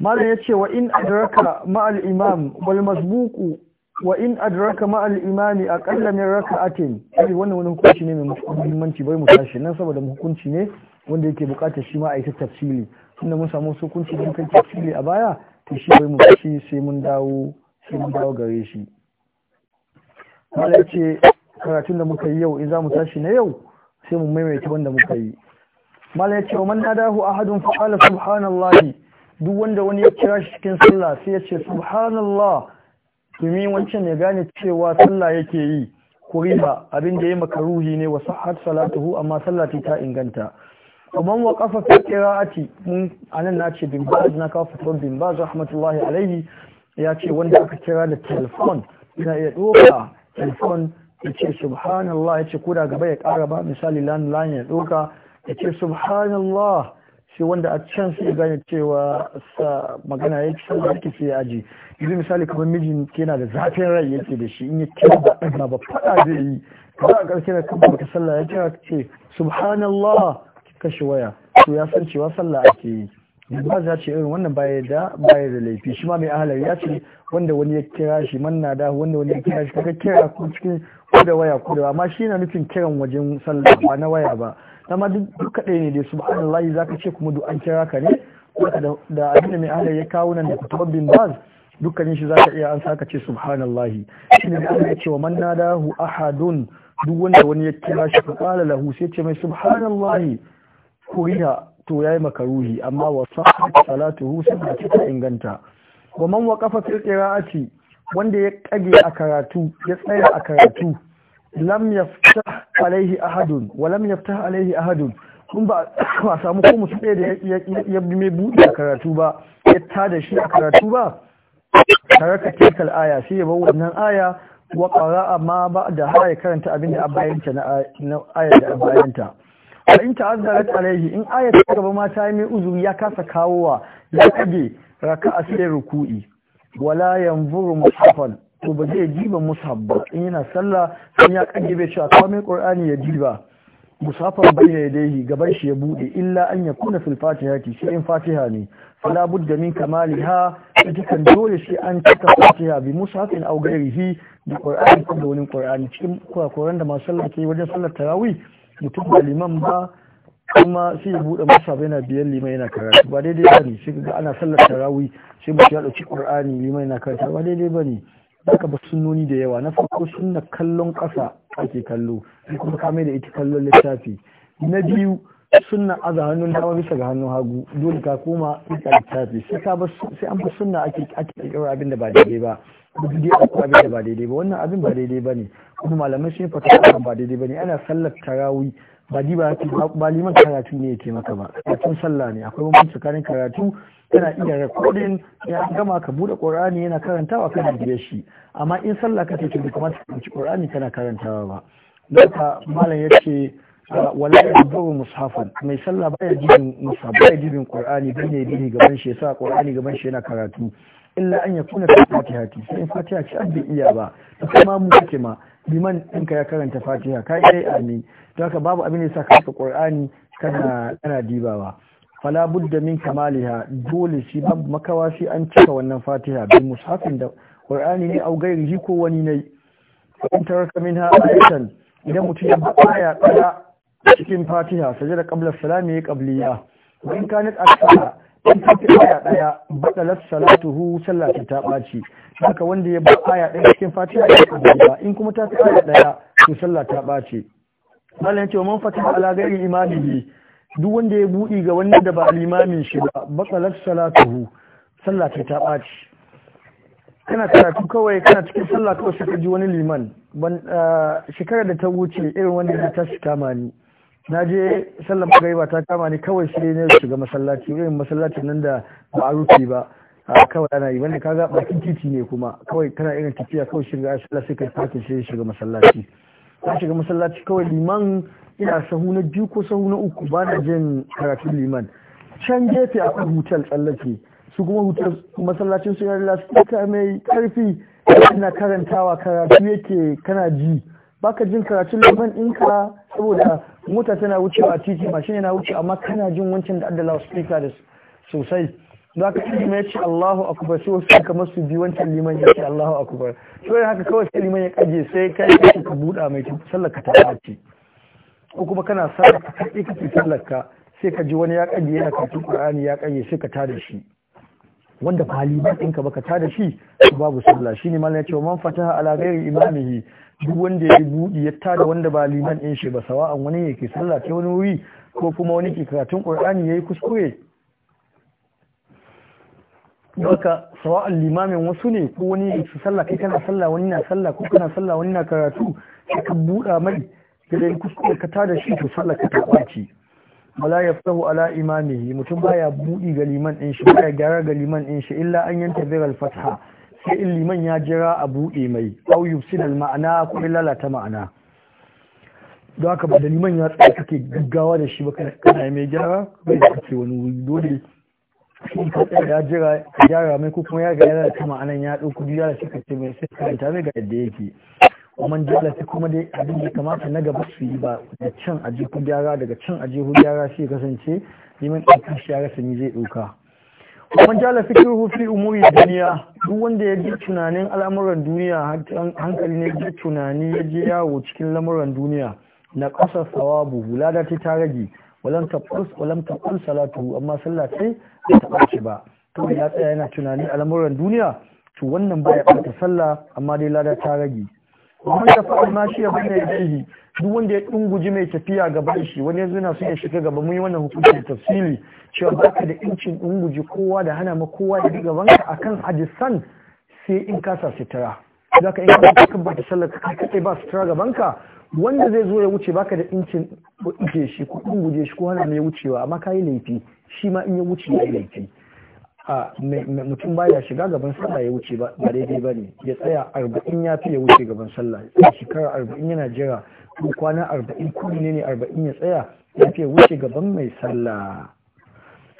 malam ya ce wa in adraka ma'al imam wal masbuku wa in adraka ma'al imami aqalla min raka'atin ai wannan wani hukunci ne mai muhimmanci bai mu tashi nan saboda hukunci ne wanda yake bukatar shi ma a yi tafsili tunda mun samu hukunci da kan tafsili a baya to shi bai mu shi sai mun dawo sai mun dawo gare shi malai ce karatun da muka yi yau in za mu tashi na yau sai mu maimaita wanda muka yi malai ya ce wa man nadahu ahadun fa qala subhanallahi duk wanda wani ya kira shi cikin sallah sai ya ce subhanallah domin wancan ya gane cewa sallah yake yi kuriba abin da ya makaruhi ne wa sahhat salatuhu amma sallati ta inganta kaman wa kafa fi qira'ati mun anan na ce bin na kafa to bin baz rahmatullahi alaihi ya ce wanda aka kira da telefon yana iya doka telefon ya ce subhanallah ya ce koda gaba ya kara ba misali lan lan ya doka ya ce subhanallah sai wanda a can su ya gane cewa sa magana ya ci sama yake sai ya aji yanzu misali kamar mijin yana da zafin rai yake da shi in ya kira da ɗaga ba faɗa zai yi kaza a ƙarshe na kan baka sallah ya kira ce subhanallah kashe waya to ya san cewa sallah ake yi ba za ce irin wannan baya da baya da laifi shi ma mai ahalar ya ce wanda wani ya kira shi manna da wanda wani ya kira shi kaga kira ko cikin ko da waya ko da amma shi na nufin kiran wajen sallah ba na waya ba amma duk kadai ne dai subhanallahi zaka ce kuma duk an kira ka ne da abinda mai ahalar ya kawo nan da kutubar bin baz dukkanin shi zaka iya an saka ce subhanallahi shi ne Allah ya ce wa da hu ahadun duk wanda wani ya kira shi fa kala lahu sai ce mai subhanallahi kuriha to yayi makaruhi amma wa sahhat salatuhu sunna ta inganta wa man waqafa fil qira'ati wanda ya kage a karatu ya tsaya a karatu lam yaftah alaihi ahadun wa lam yaftah alaihi ahadun kun ba [coughs] a samu ko mutum ɗaya da ya bi mai buɗe a karatu ba ya tada shi a karatu ba taraka tilkal aya sai ya bar wannan aya wa qara'a ma ba da haya karanta abin da abayanta na aya da abayanta a in ta'azzarat alaihi in aya ta gaba ma ta yi mai uzuri ya kasa kawowa ya kage raka'a sai ruku'i wala yanzuru mushafan to ba zai jiba mushaf ba in yana sallah sun ya kage bai cewa kawai qur'ani ya jiba musafan ya yadayhi gaban shi ya bude illa an ya kunna fil fatihati shi in fatiha ne fala budda min kamaliha dukan dole shi an cika fatiha bi mushafin aw ghairihi da qur'ani ko da wani qur'ani cikin kurakuran da masu sallah wajen sallar tarawih mutum ba liman ba kuma sai ya buɗe masa bai na biyan liman yana karatu ba daidai ba ne sai ga ana sallar tarawi sai mutum ya ɗauki ƙur'ani liman yana karatu ba daidai ba ne zaka ba sunoni da yawa na farko sunna kallon ƙasa ake kallo sai kuma kame da ita kallon littafi na biyu sunna a ga hannun dama bisa ga hannun hagu dole ka koma ita littafi sai an fi sunna ake ake abin da ba daidai ba duk dai akwai abin da ba daidai ba wannan abin ba daidai ba ne kuma malamai sun fata ba daidai ba ne ana sallar tarawi ba di ba ba liman karatu ne yake maka ba karatun sallah ne akwai bambanci tsakanin karatu yana iya rekodin ya gama ka bude qur'ani yana karantawa kana biyar shi amma in sallah kake ki kamata ka ci qur'ani kana karantawa ba don malam yace wala yadurru mushafan mai sallah baya jibin mushaf baya jibin qur'ani bane bihi gaban shi yasa qur'ani gaban shi yana karatu illa an yakuna fi fatiha sai fatiha ci abin iya ba ta kuma mu kake ma in ɗinka ya karanta fatiha ka yi amin don haka babu abin da yasa ka karanta qur'ani kana kana dibawa fala budda min kamaliha dole shi babu makawa shi an cika wannan fatiha bi mushafin da qur'ani ne au gairi ko wani ne in taraka minha ayatan idan mutum ya baya tsaya cikin fatiha da qabla salami qabliya wa in kanat akthara in ta fi aya daya batalat salatuhu sallati ta baci haka wanda ya ba aya daya cikin fatiha ya qabliya in kuma ta fi aya daya to sallah ta baci malan ce man fatiha ala ghairi imamihi duk wanda ya budi ga wanda da ba limamin shi ba batalat salatuhu sallati ta baci kana karatu kawai kana cikin sallah kawai sai ka ji wani liman eh, shekarar da ta wuce irin wanda ta shi kama ni na je sallar magariba ta kama ni kawai sai ne shiga masallaci irin masallacin nan da ba a rufe ba a kawai ana yi wanda kaga bakin titi ne kuma kawai kana irin tafiya kawai shiga sallah sai kai fatin sai shiga masallaci na shiga masallaci kawai liman ina sahu na biyu ko sahu na uku ba na jin karatun liman can gefe akwai hutal tsallake su kuma hutar masallacin su yana lasfika mai karfi ina karantawa karatu yake kana ji baka jin karatun liman ɗinka saboda mota tana wucewa a titi mashin yana wuce amma kana jin wancan da adda loudspeaker da sosai za ka ci mai ce Allahu akbar sai wasu suka masu bi wancan liman ya ce Allahu akbar to haka kawai sai liman ya kaje sai kai ka ka buɗa mai ki sallaka ta ɓaci ko kuma kana sa ka kaɗe ka ci sallaka sai ka ji wani ya kaje yana karatun Qur'ani ya kaje sai ka tada shi wanda ba liman ɗinka ba ka tada shi babu sallah shine malam ya ce man fataha ala ghairi imamihi duk wanda ya buɗi ya tada wanda ba liman ɗin shi ba sawa'an wani yake ke sallah ta wani wuri ko kuma wani ke karatun ƙur'ani ya yi kuskure haka sawa'an limamin wasu ne ko wani ya ke sallah kai kana sallah wani na sallah ko kana sallah wani na karatu ka buɗa mai da yi kuskure ka tada shi to sallah ka taɓa ɓaci wala yaftahu ala imamihi mutum baya buɗi ga liman ɗin shi baya gyara ga liman ɗin shi illa an yanta biral fasaha. sai in liman ya jira a buɗe mai au yufsidal ma'ana ko lalata ma'ana don haka ba da liman ya tsaya kake gaggawa da shi ba kana mai gyara bai da kake wani wuri dole shi ka tsaya ya jira gyara mai ko kuma ya ga yana da ma'anan ya ɗauku biyu da suka ce mai sai karanta mai ga yadda yake kuma jala sai kuma dai abin da kamata na gaba su yi ba da can ku gyara daga can ku gyara shi kasance liman ɗan shi ya rasa ni zai ɗauka man jala fikihu fi umuri duniya duk wanda ya ji tunanin al'amuran duniya hankali ne ji tunani ya je yawo cikin lamuran duniya na ƙasa sawabu lada ta rage walam taqul walam taqul salatu amma sallah sai ba ta ɓace ba to ya tsaya yana tunani al'amuran duniya to wannan baya ɓata sallah amma dai lada ta rage wani da fa'al ma shi ya bane shi duk wanda ya dunguji mai tafiya gaban shi wani yanzu na so ya shiga gaba mun yi wannan hukuncin tafsili cewa ka da incin dunguji kowa da hana ma kowa da banka a kan hadisan sai in ka sa sitara zaka in bata tabbata sallar ka kai ba sitara gaban ka wanda zai zo ya wuce baka da incin ije shi ko shi hana mai wucewa amma yi laifi shi ma in ya wuce ya yi laifi a mutum baya shiga gaban sallah ya wuce ba daidai ba ne ya tsaya arba'in ya fi ya wuce gaban sallah ya shekara arba'in yana jira ko kwana arba'in ko ne ne arba'in ya tsaya ya fi ya wuce gaban mai sallah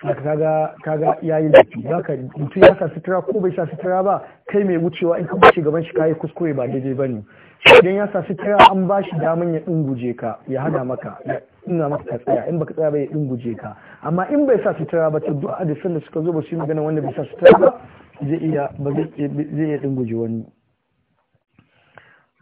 kaga kaga yayi laifi zaka mutum ya sa sutura ko bai sa sutura ba kai mai wucewa in ka wuce gaban shi kayi kuskure ba daidai ba ne idan ya sa sutura an ba shi daman ya dinguje ka ya hana maka ina maka ka tsaya in baka tsaya ba ya dinguje ka amma in bai sa sutura ba ta du'a da suka zo ba su yi magana wanda bai sa sutura ba zai iya ba zai wani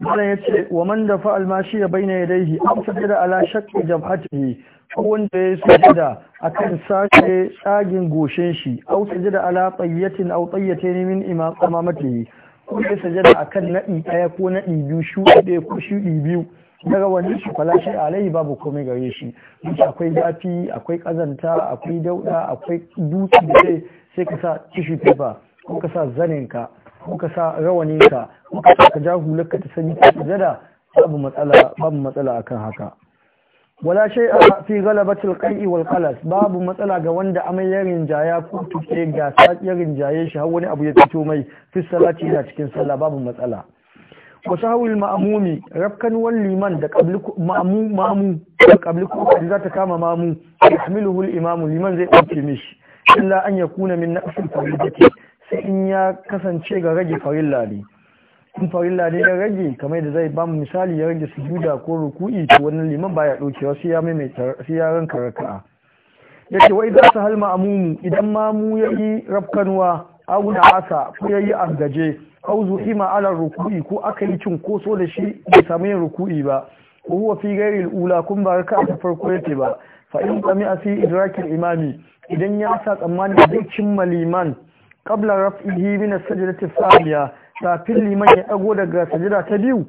Malam ya ce, wa man da fa'al ma shi ya bayyana ya daihi, an sajada ala shakki jam'atihi, ko wanda ya sajada a kan sake tsagin goshen shi, au sajada ala tsayyatin au tsayyate ne min imamatihi, ko ya sajada a kan naɗi ɗaya ko naɗi biyu shuɗi ɗaya ko shuɗi biyu, daga wani shi falashi alai babu komai gare shi duk akwai zafi akwai kazanta akwai dauda akwai dutse da sai ka sa tissue paper ko ka sa zaninka ko ka sa rawaninka ko ka sa ka ja ka ta sanyi ta zada babu matsala babu matsala akan haka wala shay a fi ghalabati alqai wal qalas babu matsala ga wanda amai ya rinjaya ko tuke ga sa ya rinjaye shi har wani abu ya fito mai fi salati na cikin sallah babu matsala Wasu sahawul ma'mumi rafkan liman da qabli ma'mu ma'mu da qabli ko za ta kama ma'mu yahmiluhu imamu liman zai ɗauke mishi illa an kuna min nafsin ke, sai in ya kasance ga rage farilla ne in farilla ne ya rage kamar da zai bamu misali ya rage sujuda ko ruku'i to wannan liman baya ɗauke wasu, ya maimaita sai ya ranka raka'a ce, wai za su hal amumu idan ma mu yayi rafkanwa aguna asa ko yayi gaje? auzu zuhima ala ruku'i ko aka yi koso da shi bai samu yin ruku'i ba ko huwa fi ghairi ula kun ba ka ta farko yake ba fa in qami fi idrakil imami idan ya sa tsammani zai cimma liman qabla raf'ihi min as-sajdati ta kafin liman ya dago daga sajda ta biyu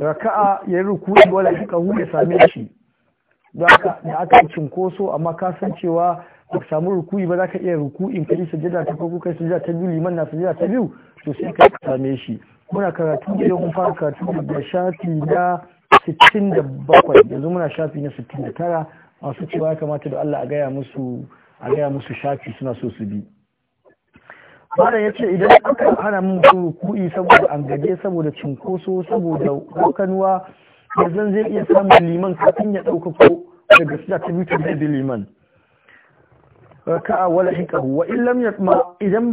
raka'a ya ruku'i wala ka kika same shi da aka yi koso amma ka san cewa ba samu ruku'i ba za ka iya ruku'in kai sajda ta farko kai sajda ta biyu liman na sajda ta biyu to sai ka same shi muna karatu da yau fara karatu da shafi na bakwai yanzu muna shafi na 69 masu cewa ya kamata da Allah a gaya musu gaya musu shafi suna so su bi bada ya ce idan aka hana min ku'i saboda an gaje saboda cinkoso saboda kokanuwa yanzu zai iya samun liman kafin ya ko daga suna ta mutu da liman raka'a wala hikahu wa in lam yatma idan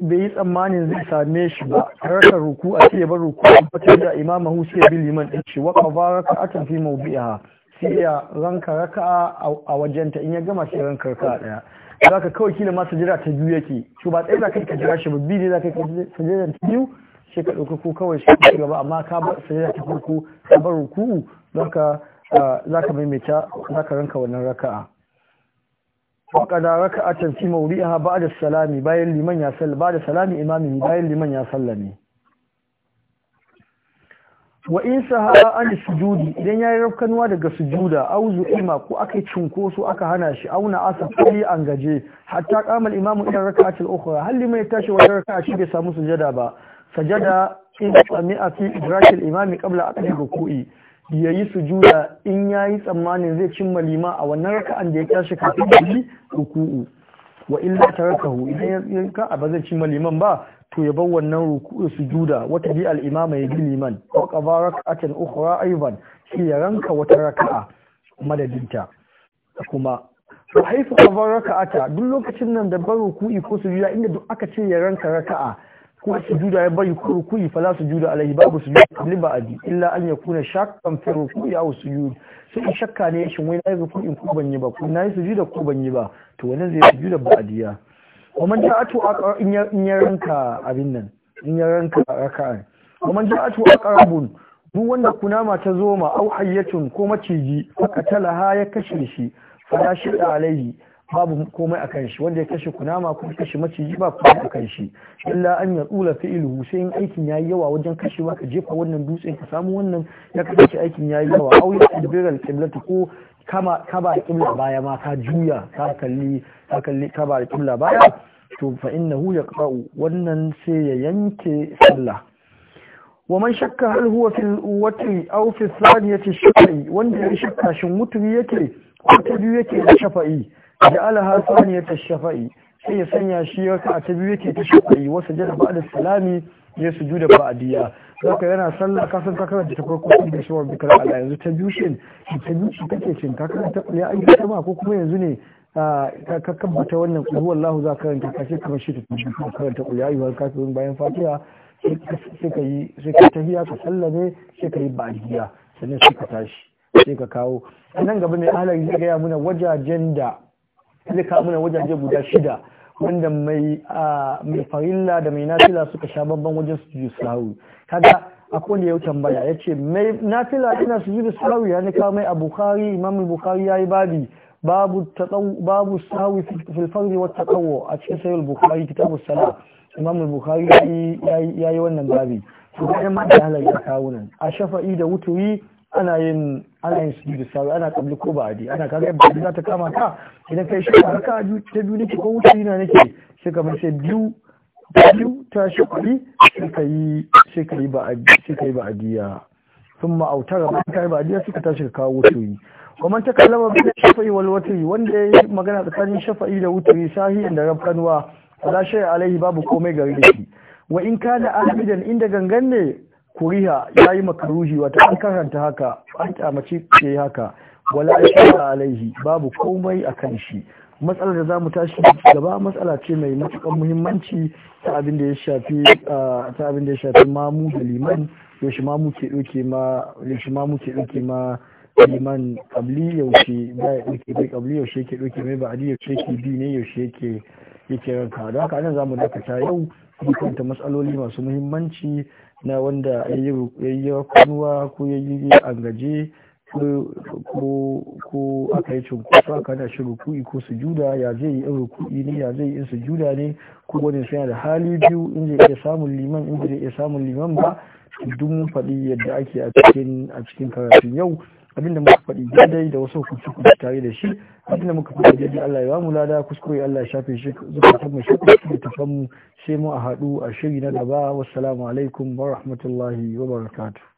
bai yi tsammanin zai same shi ba raka ruku a ce bar ruku an fitar da imamahu sai bi liman din shi wa qada raka'atan fi mawdi'iha sai ya ranka raka'a a wajenta in ya gama sai ranka raka daya zaka kawai kila ma sajira ta biyu yake to ba tsaye zaka ka jira shi ba bi ne zaka ka sajira ta biyu sai ka dauka ko kawai shi ka gaba amma ka bar sajira ta farko ka bar ruku zaka eh, zaka maimaita zaka ranka wannan raka'a وقد ركعة bada موضعها بعد السلام باين لمن يسلم salami bayan liman ya sallame wa in saha an sujudi idan ya yi rafkanuwa daga sujuda wuzu zu'ima ko aka yi cunkoso aka hana shi auna asa kuli an gaje hatta kamal imamu idan raka'atul ukhra halli mai tashi wata raka'a shi bai samu sujada ba sajada in sami'a fi idrakil imami qabla aqdi ruku'i ya yi sujuda in ya yi tsammanin zai cimma lima a wannan raka'an da ya tashi kafin da yi ruku'u wa illa ta tarakahu idan ya ka a bazan cin liman ba to ya bar wannan ruku'u sujuda wata bi al ya bi liman wa qaba raka'atan ukhra aidan shi ya ranka wata raka'a madadinta kuma wa haifu qaba raka'ata duk lokacin nan da bar ruku'i ko sujuda inda duk aka ce ya ranka raka'a ko sujuda ya bari kurkuyi fala sujuda alaihi babu sujuda qabli ba'di illa an yakuna shakkan fi ruku'i aw sujud sai in shakka ne shin wai nayi ruku'in ko ban yi ba ko nayi sujuda ko ban yi ba to wannan zai sujuda ba'diya wa man ja'atu in ya ranka abin nan in ya ranka raka'an wa man ja'atu aqrabun duk wanda kunama ta zo ma au hayyatun ko maciji aka talaha ya kashe shi fala shida alaihi babu komai akan shi wanda ya kashe kunama ko kashe maciji ba komai kan shi illa an ya tsula ilu sai in aikin yayi yawa wajen kashe ka jefa wannan dutsen ka samu wannan ya kashe aikin yayi yawa au ya tadbiral ta ko kama kaba kibla baya ma ka juya ka kalli ka kalli kaba kibla baya to fa innahu yaqra'u wannan sai ya yanke sallah ومن شك هل هو في الوتر أو في الثانية الشفعي وان شك شن وتر يكي وتر يكي الشفعي da alaha saniya ta shafa'i sai ya sanya shi raka a ta biyu yake ta shafa'i wasu jada ba salami ya su da ba'adiyya adiya zaka yana sallah ka san takarar da ta farko sun da shawar bikar ala yanzu ta biyu shin ta biyu shi kake shin ka karanta ya an ta ko kuma yanzu ne ka kabbata wannan ƙulu lahu za karanta ka ce kamar shi ta tafi karanta ƙulu ya wani kafin bayan fatiha sai ka yi sai ka sallame sai ka yi ba'adiyya sannan sai ka tashi sai ka kawo a nan gaba mai ahalar ya gaya muna wajajen da zai kawo mana wajaje guda shida wanda mai mai farilla da mai nafila suka sha babban wajen su ji sahawi kaga akwai wanda ya baya ya ce mai nafila ina ji sahawi ya ne kawo mai a bukhari imam bukhari ya yi babi babu babu sahawi kawo, a cikin sayar bukhari kitabu salat imam bukhari ya yi wannan babi su ga ma kawo a shafa'i da wuturi ana yin ana yin sujudu sabu ana kabli ko ba adi ana kaga yadda za ta kama ka idan kai shi ka ta biyu nake ko wuce yana nake sai kamar sai biyu biyu ta shi kuɗi sai ka yi sai ba adi sai yi ba adiya sun ma'autara ba ka yi ba adiya sai ka tashi ka kawo wuce ومن تكلم wal الشفعي wanda وندي magana tsakanin shafa'i da wutri sahihin da rabkanwa la shay alaihi babu komai gare shi wa in kana ahmidan inda gangan ne kuriha ya yi makaruhi wata an karanta haka an kyamace ke haka wala ashara alaihi babu komai a kan shi matsalar da za mu tashi gaba matsala ce mai matukan muhimmanci ta abin da ya shafi ta abin da ya shafi mamu da liman yaushe mamu ke ɗauke ma yaushe mamu ke doke ma liman kabli yaushe ba ya doke bai kabli yaushe ke ɗauke mai ba'adi yaushe ke bi ne yaushe yake yake ranka don haka nan mu dakata yau dukkan ta matsaloli masu muhimmanci na wanda ya yi kunuwa ko ya yi angaje ko aka yi cunkoso aka na shi ruku'i ko sujuda ya zai yi in ruku'i ne ya zai yi in sujuda ne ko wani suna da hali biyu in zai iya samun liman in zai iya samun liman ba duk mun faɗi yadda ake a cikin karatun yau abinda muka faɗi daidai da wasu hukunci kuma tare da shi abinda muka faɗi daidai Allah ya ba mu lada kuskure Allah ya shafe shi zukatan mu shafe shi da mu sai mu a haɗu a shiri na gaba wassalamu alaikum wa rahmatullahi wa barakatuh